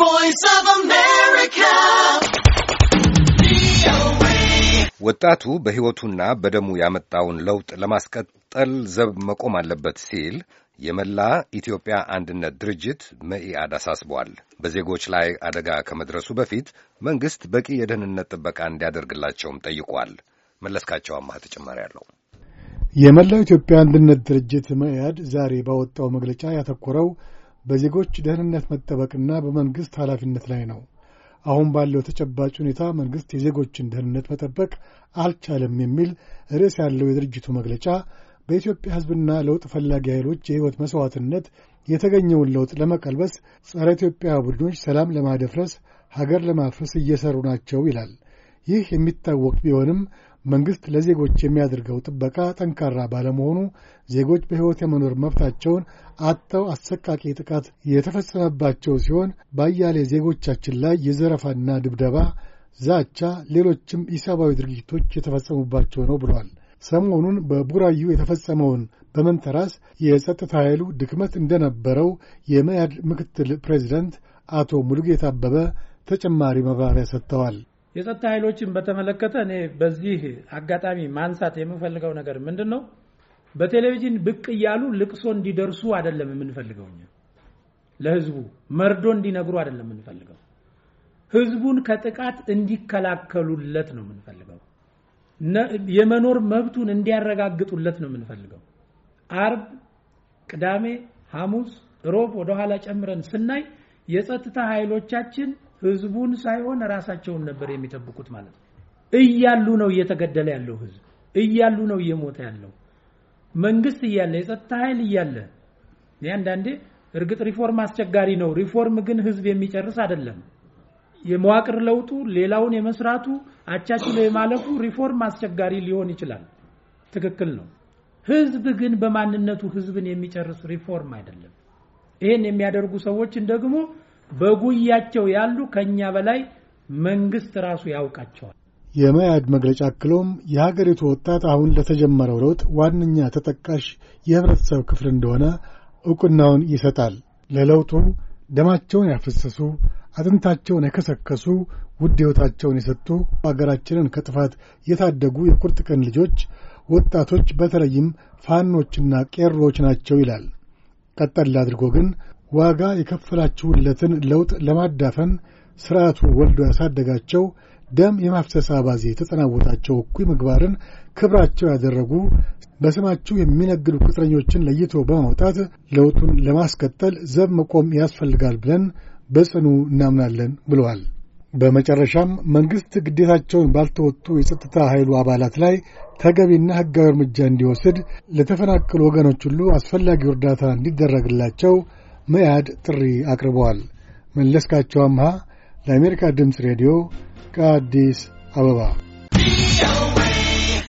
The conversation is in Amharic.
voice of America. ወጣቱ በሕይወቱና በደሙ ያመጣውን ለውጥ ለማስቀጠል ዘብ መቆም አለበት ሲል የመላ ኢትዮጵያ አንድነት ድርጅት መኢአድ አሳስቧል። በዜጎች ላይ አደጋ ከመድረሱ በፊት መንግሥት በቂ የደህንነት ጥበቃ እንዲያደርግላቸውም ጠይቋል። መለስካቸው አማህ ተጨማሪ አለው። የመላው ኢትዮጵያ አንድነት ድርጅት መኢአድ ዛሬ ባወጣው መግለጫ ያተኮረው በዜጎች ደህንነት መጠበቅና በመንግሥት ኃላፊነት ላይ ነው። አሁን ባለው ተጨባጭ ሁኔታ መንግሥት የዜጎችን ደህንነት መጠበቅ አልቻለም የሚል ርዕስ ያለው የድርጅቱ መግለጫ በኢትዮጵያ ሕዝብና ለውጥ ፈላጊ ኃይሎች የሕይወት መሥዋዕትነት የተገኘውን ለውጥ ለመቀልበስ ጸረ ኢትዮጵያ ቡድኖች ሰላም ለማደፍረስ ሀገር ለማፍረስ እየሠሩ ናቸው ይላል። ይህ የሚታወቅ ቢሆንም መንግሥት ለዜጎች የሚያደርገው ጥበቃ ጠንካራ ባለመሆኑ ዜጎች በሕይወት የመኖር መብታቸውን አጥተው አሰቃቂ ጥቃት የተፈጸመባቸው ሲሆን በአያሌ ዜጎቻችን ላይ የዘረፋና ድብደባ፣ ዛቻ፣ ሌሎችም ኢሰብአዊ ድርጊቶች የተፈጸሙባቸው ነው ብሏል። ሰሞኑን በቡራዩ የተፈጸመውን በመንተራስ የጸጥታ ኃይሉ ድክመት እንደነበረው የመያድ ምክትል ፕሬዚደንት አቶ ሙሉጌታ አበበ ተጨማሪ መብራሪያ ሰጥተዋል። የጸጥታ ኃይሎችን በተመለከተ እኔ በዚህ አጋጣሚ ማንሳት የምፈልገው ነገር ምንድን ነው? በቴሌቪዥን ብቅ እያሉ ልቅሶ እንዲደርሱ አይደለም የምንፈልገው፣ ለህዝቡ መርዶ እንዲነግሩ አይደለም የምንፈልገው፣ ህዝቡን ከጥቃት እንዲከላከሉለት ነው የምንፈልገው። የመኖር መብቱን እንዲያረጋግጡለት ነው የምንፈልገው። አርብ፣ ቅዳሜ፣ ሐሙስ፣ ሮብ ወደኋላ ጨምረን ስናይ የጸጥታ ኃይሎቻችን ህዝቡን ሳይሆን ራሳቸውን ነበር የሚጠብቁት ማለት ነው። እያሉ ነው እየተገደለ ያለው ህዝብ እያሉ ነው እየሞተ ያለው መንግስት እያለ የጸጥታ ኃይል እያለ አንዳንዴ እርግጥ ሪፎርም አስቸጋሪ ነው። ሪፎርም ግን ህዝብ የሚጨርስ አይደለም። የመዋቅር ለውጡ ሌላውን የመስራቱ አቻችሎ የማለፉ ሪፎርም አስቸጋሪ ሊሆን ይችላል። ትክክል ነው። ህዝብ ግን በማንነቱ ህዝብን የሚጨርስ ሪፎርም አይደለም። ይሄን የሚያደርጉ ሰዎችን ደግሞ በጉያቸው ያሉ ከእኛ በላይ መንግስት ራሱ ያውቃቸዋል። የመያድ መግለጫ አክሎም የሀገሪቱ ወጣት አሁን ለተጀመረው ለውጥ ዋነኛ ተጠቃሽ የህብረተሰብ ክፍል እንደሆነ እውቅናውን ይሰጣል። ለለውጡ ደማቸውን ያፈሰሱ፣ አጥንታቸውን የከሰከሱ፣ ውድ ሕይወታቸውን የሰጡ፣ አገራችንን ከጥፋት የታደጉ የቁርጥ ቀን ልጆች ወጣቶች፣ በተለይም ፋኖችና ቄሮዎች ናቸው ይላል። ቀጠል አድርጎ ግን ዋጋ የከፈላችሁለትን ለውጥ ለማዳፈን ሥርዓቱ ወልዶ ያሳደጋቸው ደም የማፍሰስ አባዜ የተጠናወታቸው እኩይ ምግባርን ክብራቸው ያደረጉ በስማችሁ የሚነግዱ ቅጥረኞችን ለይቶ በማውጣት ለውጡን ለማስቀጠል ዘብ መቆም ያስፈልጋል ብለን በጽኑ እናምናለን ብለዋል። በመጨረሻም መንግሥት ግዴታቸውን ባልተወጡ የጸጥታ ኃይሉ አባላት ላይ ተገቢና ሕጋዊ እርምጃ እንዲወስድ፣ ለተፈናቀሉ ወገኖች ሁሉ አስፈላጊው እርዳታ እንዲደረግላቸው መያድ ጥሪ አቅርበዋል። መለስካቸው አምሃ ለአሜሪካ ድምፅ ሬዲዮ ከአዲስ አበባ